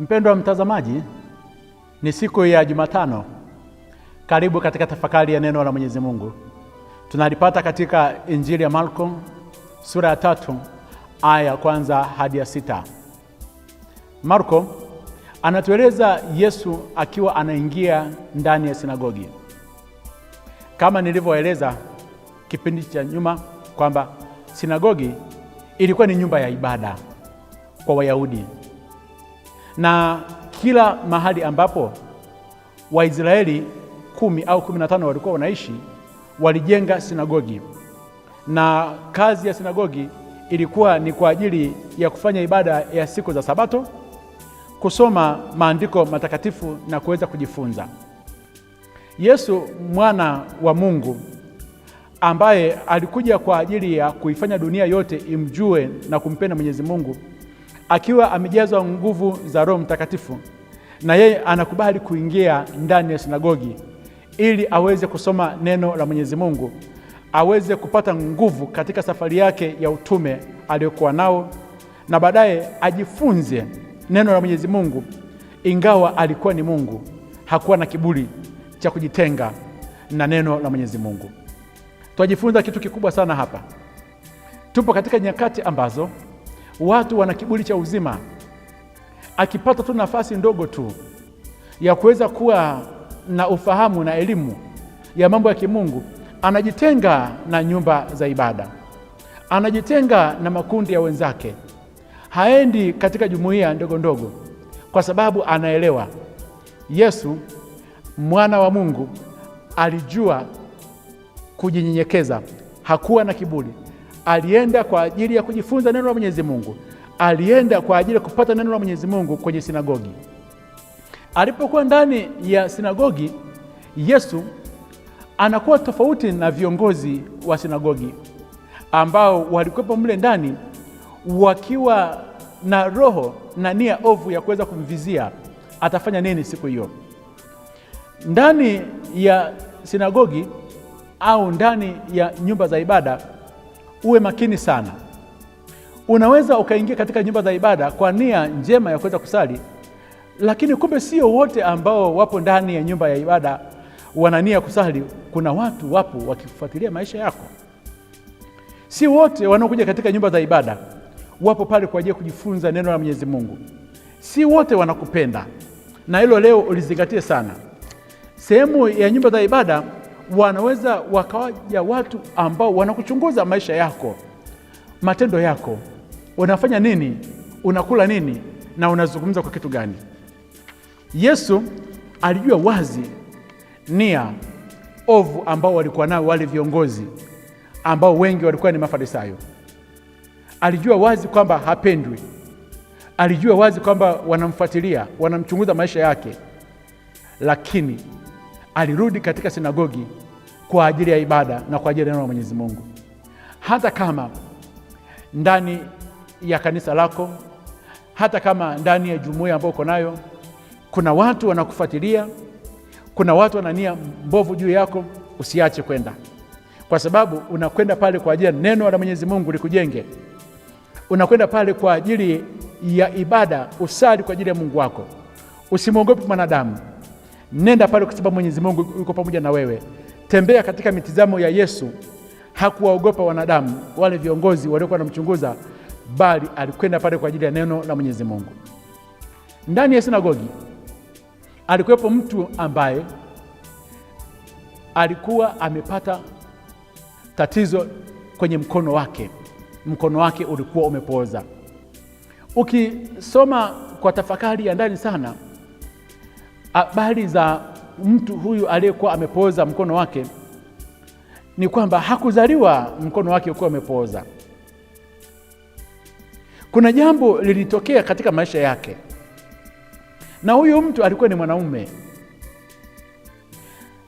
Mpendwa mtazamaji, ni siku ya Jumatano. Karibu katika tafakari ya neno la Mwenyezi Mungu. Tunalipata katika Injili ya Marko sura ya tatu aya ya kwanza hadi ya sita. Marko anatueleza Yesu akiwa anaingia ndani ya sinagogi, kama nilivyoeleza kipindi cha nyuma kwamba sinagogi ilikuwa ni nyumba ya ibada kwa Wayahudi na kila mahali ambapo Waisraeli kumi au kumi na tano walikuwa wanaishi walijenga sinagogi, na kazi ya sinagogi ilikuwa ni kwa ajili ya kufanya ibada ya siku za Sabato, kusoma maandiko matakatifu na kuweza kujifunza. Yesu mwana wa Mungu ambaye alikuja kwa ajili ya kuifanya dunia yote imjue na kumpenda Mwenyezi Mungu akiwa amejazwa nguvu za Roho Mtakatifu, na yeye anakubali kuingia ndani ya sinagogi ili aweze kusoma neno la Mwenyezi Mungu, aweze kupata nguvu katika safari yake ya utume aliyokuwa nao, na baadaye ajifunze neno la Mwenyezi Mungu. Ingawa alikuwa ni Mungu, hakuwa na kiburi cha kujitenga na neno la Mwenyezi Mungu. Twajifunza kitu kikubwa sana hapa. Tupo katika nyakati ambazo Watu wana kiburi cha uzima, akipata tu nafasi ndogo tu ya kuweza kuwa na ufahamu na elimu ya mambo ya kimungu, anajitenga na nyumba za ibada, anajitenga na makundi ya wenzake, haendi katika jumuiya ndogo ndogo, kwa sababu anaelewa Yesu mwana wa Mungu alijua kujinyenyekeza, hakuwa na kiburi alienda kwa ajili ya kujifunza neno la Mwenyezi Mungu, alienda kwa ajili ya kupata neno la Mwenyezi Mungu kwenye sinagogi. Alipokuwa ndani ya sinagogi, Yesu anakuwa tofauti na viongozi wa sinagogi ambao walikuwepo mle ndani wakiwa na roho na nia ovu ya kuweza kumvizia atafanya nini siku hiyo. Ndani ya sinagogi au ndani ya nyumba za ibada uwe makini sana. Unaweza ukaingia katika nyumba za ibada kwa nia njema ya kuweza kusali, lakini kumbe sio wote ambao wapo ndani ya nyumba ya ibada wana nia ya kusali. Kuna watu wapo wakifuatilia maisha yako. Si wote wanaokuja katika nyumba za ibada wapo pale kwa ajili ya kujifunza neno la Mwenyezi Mungu. Si wote wanakupenda, na hilo leo ulizingatie sana. Sehemu ya nyumba za ibada wanaweza wakawaja watu ambao wanakuchunguza maisha yako, matendo yako, unafanya nini, unakula nini na unazungumza kwa kitu gani. Yesu alijua wazi nia ovu ambao walikuwa nao wale viongozi ambao wengi walikuwa ni Mafarisayo. Alijua wazi kwamba hapendwi, alijua wazi kwamba wanamfuatilia, wanamchunguza maisha yake, lakini alirudi katika sinagogi kwa ajili ya ibada na kwa ajili ya neno la Mwenyezi Mungu. Hata kama ndani ya kanisa lako, hata kama ndani ya jumuiya ambayo uko nayo kuna watu wanakufuatilia, kuna watu wana nia mbovu juu yako, usiache kwenda, kwa sababu unakwenda pale kwa ajili ya neno la Mwenyezi Mungu likujenge. Unakwenda pale kwa ajili ya ibada, usali kwa ajili ya Mungu wako, usimwogope mwanadamu. Nenda pale kwa Mwenyezi Mungu yuko pamoja na wewe. Tembea katika mitizamo ya Yesu. Hakuwaogopa wanadamu wale viongozi waliokuwa wanamchunguza, bali alikwenda pale kwa ajili ya neno la Mwenyezi Mungu. Ndani ya sinagogi alikuwepo mtu ambaye alikuwa amepata tatizo kwenye mkono wake, mkono wake ulikuwa umepooza. Ukisoma kwa tafakari ya ndani sana habari za mtu huyu aliyekuwa amepooza mkono wake ni kwamba hakuzaliwa mkono wake ukiwa amepooza Kuna jambo lilitokea katika maisha yake, na huyu mtu alikuwa ni mwanaume.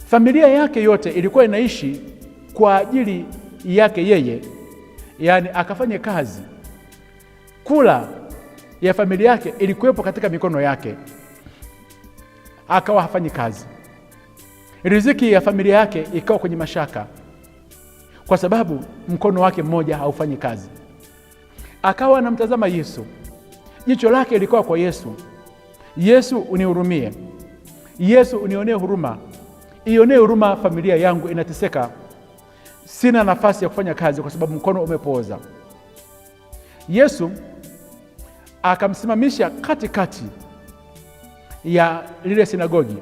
Familia yake yote ilikuwa inaishi kwa ajili yake yeye, yaani akafanye kazi, kula ya familia yake ilikuwepo katika mikono yake akawa hafanyi kazi, riziki ya familia yake ikawa kwenye mashaka, kwa sababu mkono wake mmoja haufanyi kazi. Akawa anamtazama Yesu, jicho lake lilikuwa kwa Yesu. Yesu, unihurumie. Yesu, unionee huruma, ionee huruma familia yangu inateseka, sina nafasi ya kufanya kazi kwa sababu mkono umepooza. Yesu akamsimamisha katikati ya lile sinagogi,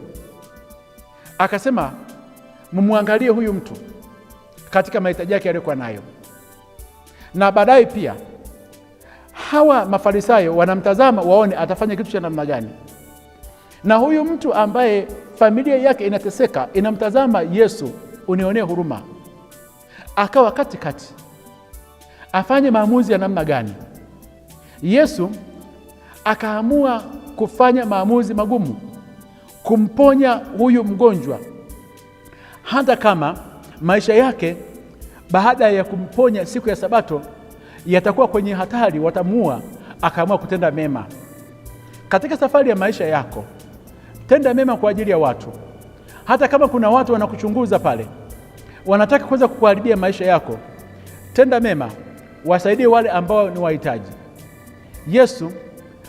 akasema mumwangalie huyu mtu katika mahitaji yake aliyokuwa nayo. Na baadaye pia hawa mafarisayo wanamtazama waone atafanya kitu cha namna gani, na huyu mtu ambaye familia yake inateseka inamtazama Yesu, unionee huruma. Akawa katikati afanye maamuzi ya namna gani? Yesu akaamua kufanya maamuzi magumu kumponya huyu mgonjwa, hata kama maisha yake baada ya kumponya siku ya Sabato yatakuwa kwenye hatari, watamuua, akaamua kutenda mema. Katika safari ya maisha yako, tenda mema kwa ajili ya watu, hata kama kuna watu wanakuchunguza pale, wanataka kuweza kukuharibia maisha yako. Tenda mema, wasaidie wale ambao ni wahitaji. Yesu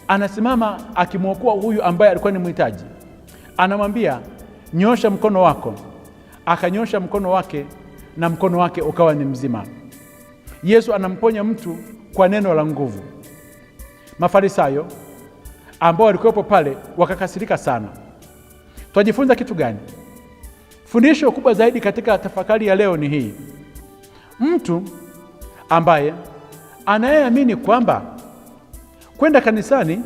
anasimama akimwokoa huyu ambaye alikuwa ni mhitaji, anamwambia nyosha mkono wako. Akanyosha mkono wake na mkono wake ukawa ni mzima. Yesu anamponya mtu kwa neno la nguvu. Mafarisayo ambao walikuwepo pale wakakasirika sana. Twajifunza kitu gani? Fundisho kubwa zaidi katika tafakari ya leo ni hii: mtu ambaye anayeamini kwamba kwenda kanisani,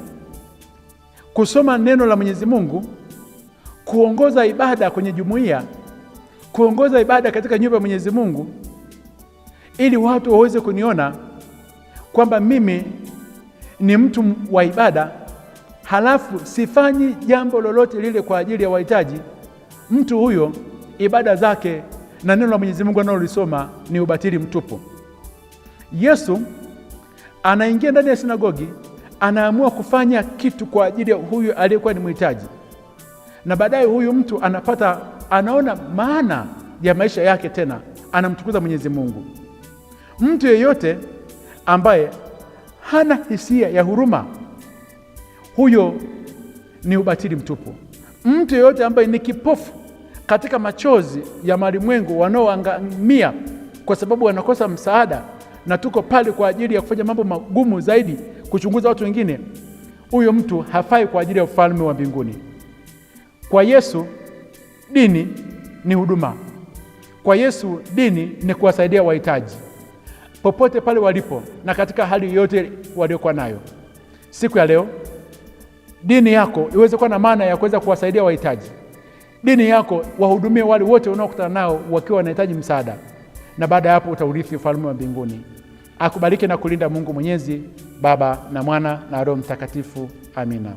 kusoma neno la Mwenyezi Mungu, kuongoza ibada kwenye jumuiya, kuongoza ibada katika nyumba ya Mwenyezi Mungu, ili watu waweze kuniona kwamba mimi ni mtu wa ibada, halafu sifanyi jambo lolote lile kwa ajili ya wahitaji. Mtu huyo ibada zake na neno la Mwenyezi Mungu analolisoma ni ubatili mtupu. Yesu anaingia ndani ya sinagogi anaamua kufanya kitu kwa ajili ya huyu aliyekuwa ni mhitaji, na baadaye huyu mtu anapata, anaona maana ya maisha yake, tena anamtukuza Mwenyezi Mungu. Mtu yeyote ambaye hana hisia ya huruma, huyo ni ubatili mtupu. Mtu yeyote ambaye ni kipofu katika machozi ya malimwengu, wanaoangamia kwa sababu wanakosa msaada, na tuko pale kwa ajili ya kufanya mambo magumu zaidi kuchunguza watu wengine, huyo mtu hafai kwa ajili ya ufalme wa mbinguni. Kwa Yesu dini ni huduma. Kwa Yesu dini ni kuwasaidia wahitaji popote pale walipo na katika hali yote waliokuwa nayo. Siku ya leo dini yako iweze kuwa na maana ya kuweza kuwasaidia wahitaji. Dini yako wahudumie wale wote unaokutana nao wakiwa wanahitaji msaada, na baada ya hapo utaurithi ufalme wa mbinguni. Akubariki na kulinda Mungu Mwenyezi, Baba na Mwana na Roho Mtakatifu. Amina.